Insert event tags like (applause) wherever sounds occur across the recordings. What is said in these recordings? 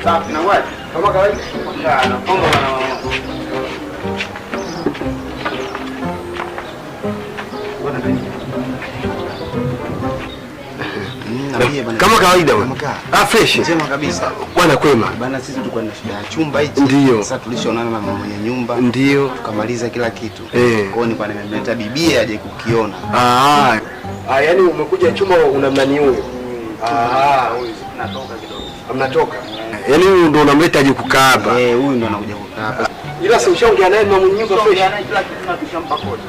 Kama kawaida. Sana. bwana mm, eh, Ah, fresh. Sema kabisa. Bwana kwema. Bwana sisi tulikuwa na shida ya chumba hichi. Ndio. Sasa tulishaonana na mwenye nyumba. Ndio. Tukamaliza kila kitu. Eh. Kwa hiyo nilikuwa nimemleta bibie aje kukiona. Ah. Ah, yani umekuja chumba unamnani huyo? Mm. Ah, huyo. Natoka kidogo. Mnatoka. Yaani huyu ndo unamleta aje kukaa hapa? Eh, huyu ndo anakuja kukaa hapa. Ila si ushaongea naye mama mwenye nyumba fresh.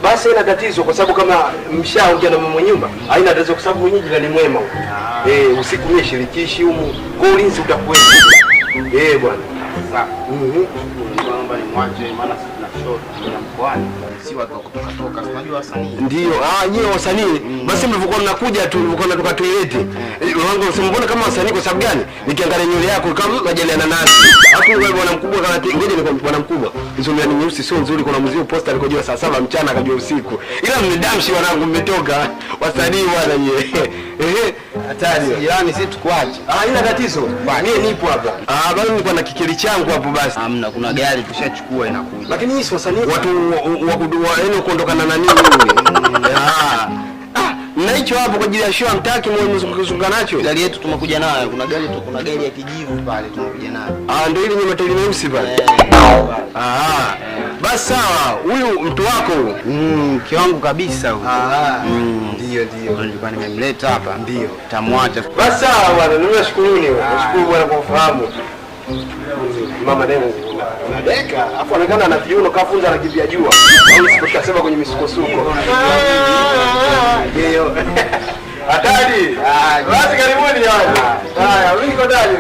Basi ina tatizo kwa sababu kama mshaongea na mama mwenye nyumba, haina tatizo kwa sababu mwenyeji ni mwema huko. Ah. Eh, usiku ni shirikishi humu. Kwa ulinzi utakuwepo. Eh, bwana. Sawa. Mhm. Naomba nimwache maana sina shoti na mkoani si watu kutoka toka, unajua wasanii ndio. Ah, nyewe wasanii mm. basi, mlivyokuwa mnakuja tu, mlivyokuwa mnatoka tuilete wangu, mm. msema mbona kama wasanii? Kwa sababu gani? Nikiangalia nywele yako kama majani ya nanasi, hapo wewe bwana mkubwa, kama ngoja, ni bwana mkubwa, hizo nywele nyeusi sio nzuri. Kuna mzee posta alikojua saa saba mchana akajua usiku, ila mmedamshi wanangu, mmetoka wasanii bwana nyewe, (laughs) ehe, hatari jirani, sisi tukuache. Ah, ina tatizo mimi nipo hapa. Ah, bado nilikuwa na kikili changu hapo, basi hamna, kuna gari tushachukua inakuja, lakini hii wasanii watu wa dua yenu kuondokana na nini? Mm. Ah. Ah, hicho hapo kwa ajili ya show, amtaki mzunguka nacho gari yetu, tumekuja nayo. Kuna gari tu, kuna gari ya kijivu pale, tumekuja nayo. Ah, ndio ile yenye matairi meusi pale. Eh. Ah, ah, basi sawa. Huyu mtu wako huyu? Mm, mke wangu kabisa huyu. Ah, mm. ndio ndio, nilikuwa nimemleta hapa. Ndio, tamwacha. Basi sawa bwana, nimeshukuruni. Nashukuru bwana kwa ufahamu. Mama Diamond unadeka, afu anaonekana ana viuno kafunza na anakimbia jua. Au sipotasema kwenye misukosuko. Ah. Ndio. (laughs) Hatari. Basi karibuni hapa. Haya, mimi niko ndani.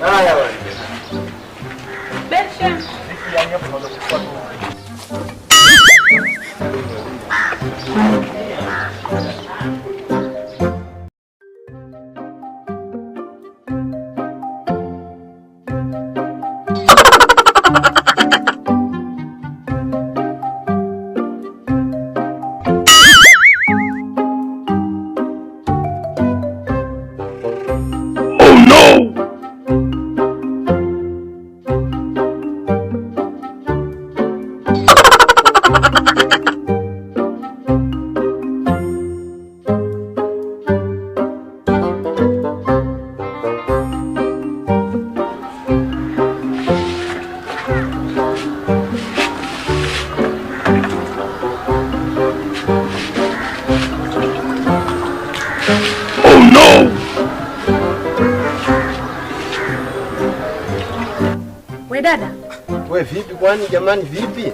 Haya bwana. vipi? Kwani jamani, vipi?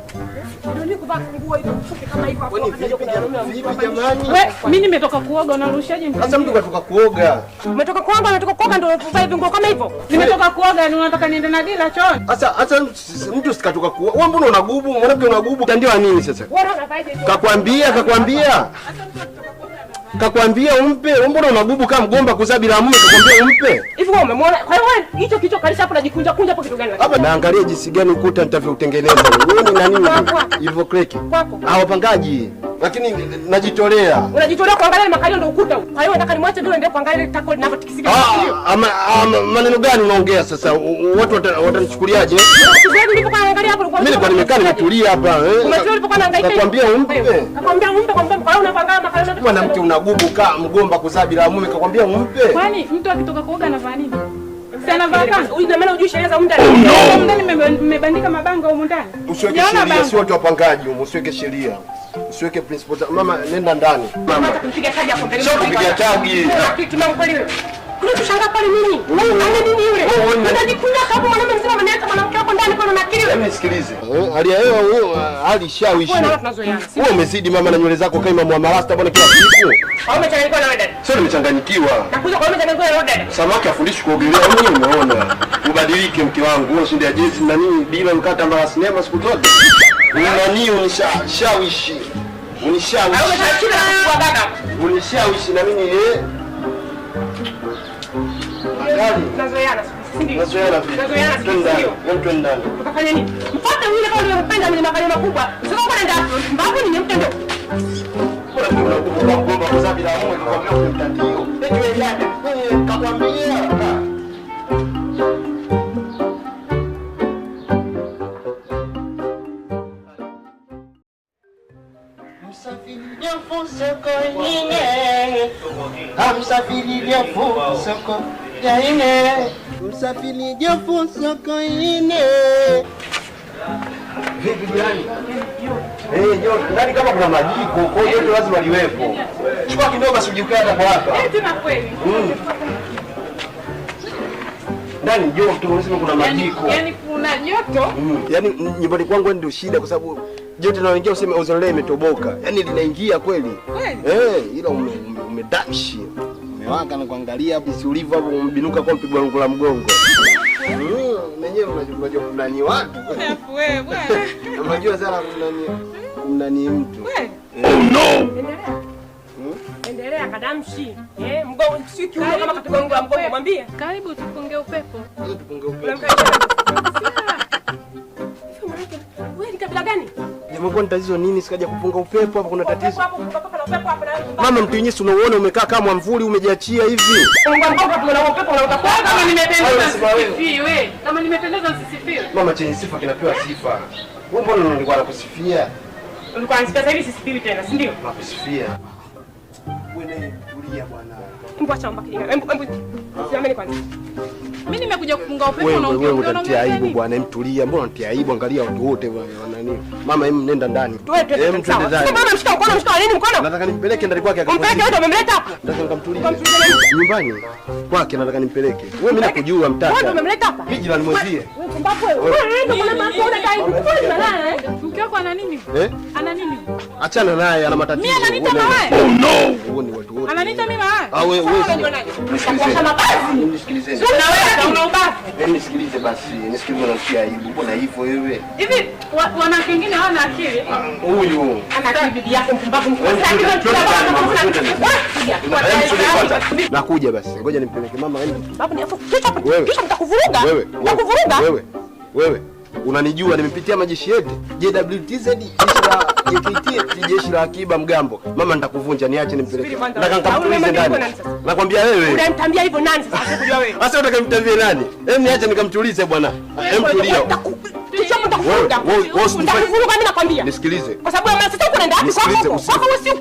Mimi nimetoka kuoga, unarushaje? Sasa mtu katoka kuoga. Umetoka kuoga, kuoga ndio nguo kama hivyo? Nimetoka kuoga, ni yaani unataka niende na dila Sasa sasa mtu sikatoka kuoga. Wewe mbona unagubu? Mwanamke unagubu. nini sasa? Kakwambia, kakwambia. Kakwambia umpe. Mbona unagubu kama mgomba kuzaa bila mume? Kakwambia umpe. Hivi wewe umemuona? Kwa hiyo wewe hicho kichwa kalisha hapo najikunja kunja hapo kitu gani? Hapa naangalia jinsi gani ukuta nitavyotengeneza. Wewe ni nani? Hivyo kreki. Ah, wapangaji. Lakini najitolea. Unajitolea kuangalia makalio ndio ukuta. Kwa hiyo nataka nimwache ndio endelee kuangalia ile tako linavyotikisika. Ah, maneno gani unaongea sasa? Watu watanichukuliaje? Kidogo ndipo kaangalia mimi nilikuwa nimekaa nimetulia hapa eh. ulipokuwa Nakwambia umpe. Nakwambia umpe kwa Kwa Mwanamke una gubu kaa mgomba kuzaa bila mume. kakwambia umpe. Kwani mtu akitoka kuoga anavaa nini? maana oh, mabango huko ndani. Usiweke sheria, sio watu wapangaji, usiweke sheria. Usiweke principle. Mama nenda ndani. Mama tunapiga hapo mbele. Kuna tushanga pale nini? nani oh, oh, nini yule? Unajikunda sababu mwanamke mzima mwanamke wako ndani kwa Hebu nisikilize. Eh, hali ya hewa huo eh, hali shawishi. Wewe umezidi mama na nywele zako kama mwamarasta bwana kila siku. Au umechanganyikiwa na wewe Sio nimechanganyikiwa. Nakuja kwa umechanganyikiwa na wewe Samaki afundishwe kuogelea wewe umeona. Ubadilike mke wangu. Wewe usindia jezi na nini bila mkata mara sinema siku zote. Unani unishawishi. Unishawishi. Unishawishi na mimi eh. Nazoeana. Msafiri Fonseca, amsafiri Fonseca jaine msafiri jofunso koine vipi jirani? Eh, njoo ndani kama kuna majiko, kwa hiyo yote lazima liwepo. Chukua kidogo basi ujikae hata kwa hapa. Eh, tena kweli. Mm. Ndani joto, unasema kuna majiko. Yaani kuna joto? Yaani nyumbani kwangu ndio shida kwa sababu joto linaloingia useme ozolea imetoboka. Yaani linaingia kweli. Eh, ila ume, ume, ume mume na anakuangalia hapo usiulivu hapo umbinuka kwa wangu la mgongo. Mm, mwenyewe unajua kunani watu. Wewe bwana. Unajua sana kunani kunani mtu. Eh. Oh no. Hmm? Endelea kadamshi. Eh, mgongo si kiuno kama mgongo mwambie. Karibu tupunge upepo. Tupunge upepo. Wewe ni kabila gani? kwa tatizo nini sikaja kupunga upepo kuna tatizo. Mama, mtu yenyewe unauona umekaa kama mwamvuli umejiachia hivi. Mama, chenye sifa kinapewa sifa. Wewe mbona unalikuwa nakusifia? Ulikuwa unanisifia sasa hivi sisifiwi tena, si ndio? Nakusifia. Wewe ni tulia bwana. Hebu acha mbaki. Mimi nimekuja kufunga upepo na wewe unatia aibu bwana, emtulia. Mbona unatia aibu? Angalia watu wote wanani. Mama, hebu nenda ndani. Hebu twende ndani. Sasa mama, mshika mkono, mshika nini mkono? Nataka nimpeleke ndani kwake akapumzike. Mpeleke wewe umemleta hapa. Nataka nikamtulie. Nyumbani kwake nataka nimpeleke. Wewe mimi nakujua mtata. Wewe umemleta hapa. Mimi jirani mwenzie. Wewe pumbavu wewe. Wewe ndio kuna mambo unataka aibu. Wewe malaya eh? Mke wako ana nini? Eh? Ana nini? Achana naye, ana matatizo. Mimi ananita malaya. Oh no. Ananita mimi malaya. Ah wewe Nisikilize basi, nisikilize. aibu? Mbona hivyo wewe? Hivi wanawake wengine hawana akili. Huyu bibi yako mpumbavu. Nakuja basi, ngoja nimpeleke mama. Kisha yaani wewe. unanijua, nimepitia majeshi yetu JWTZ KKKT jeshi la akiba mgambo. Mama nitakuvunja niache nimpeleke. Nataka nikamtulize ndani. Nakwambia wewe. Unanitambia hivyo nani sasa? kujua (laughs) wewe. Sasa unataka nimtambie nani? Hem niache nikamtulize bwana. Hem tulio.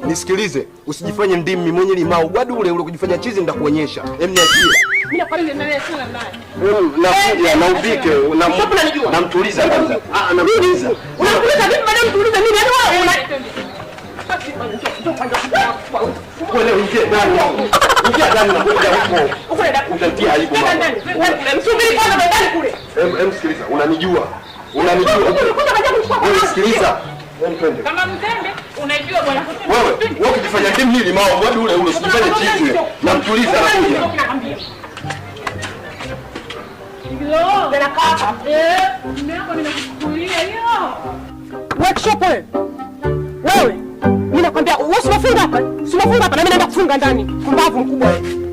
Nisikilize, usijifanye ndimi mwenye limau bado ule ule kujifanya chizi, ndakuonyesha eh, eh, eh, unanijua Unanijua? Sikiliza. Kama mzembe unaijua bwana. Wewe, wewe ukifanya timu hili maovu hadi ule ule usifanye kitu. Na mtuliza anakuja. Workshop wewe. Wewe, mimi nakwambia wewe usifunga hapa. Usifunga hapa na mimi naenda kufunga ndani. Kumbavu mkubwa wewe.